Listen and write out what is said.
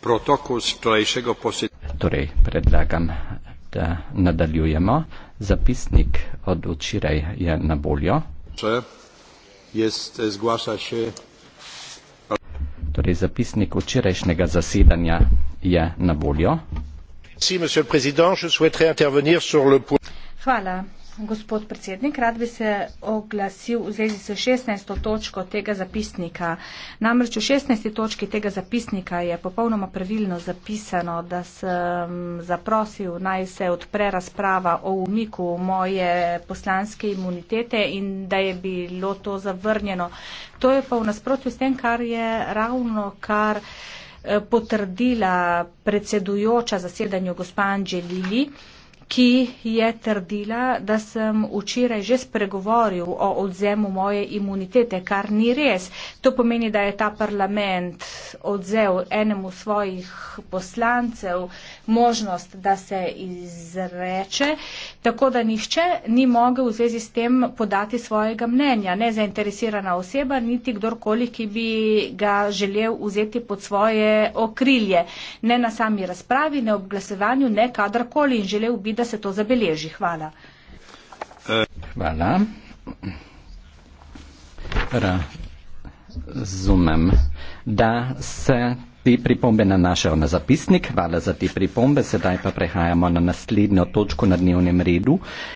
protokol strojšega posedanja. Torej, predlagam, da nadaljujemo. Zapisnik od včeraj je na voljo. Če jaz e, zglasa še. Torej, zapisnik včerajšnjega zasedanja je na voljo. Hvala gospod predsednik, rad bi se oglasil v zvezi s 16. točko tega zapisnika. Namreč v 16. točki tega zapisnika je popolnoma pravilno zapisano, da sem zaprosil naj se odpre razprava o umiku moje poslanske imunitete in da je bilo to zavrnjeno. To je pa v nasprotju s tem, kar je ravno kar eh, potrdila predsedujoča zasedanju gospa Anđelili ki je trdila, da sem včeraj že spregovoril o odzemu moje imunitete, kar ni res. To pomeni, da je ta parlament odzel enemu svojih poslancev možnost, da se izreče, tako da nihče ni mogel v zvezi s tem podati svojega mnenja, ne zainteresirana oseba, niti kdorkoli, ki bi ga želel vzeti pod svoje okrilje, ne na sami razpravi, ne ob glasovanju, ne kadarkoli in želel bi, da se to zabeleži. Hvala. Eh. Hvala razumem. Da se ti pripombe nanašajo na zapisnik, hvala za ti pripombe, sedaj pa prehajamo na naslednjo točko na dnevnem redu.